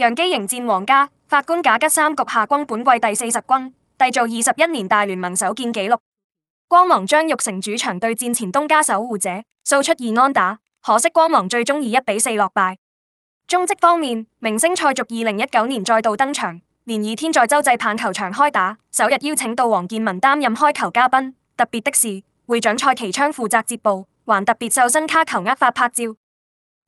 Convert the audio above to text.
楊基迎戰皇家，法官賈吉三局下轟本季第四十轟，締造二十一年大聯盟首見紀錄。光芒張育成主場對戰前東家守護者，掃出二安打，可惜光芒最終以一比四落敗。中職方面，明星賽續二零一九年再度登場，連二天在洲際棒球場開打，首日邀請到王建民擔任開球嘉賓。特別的是，會長蔡其昌負責接報，還特別秀新卡球握法拍照。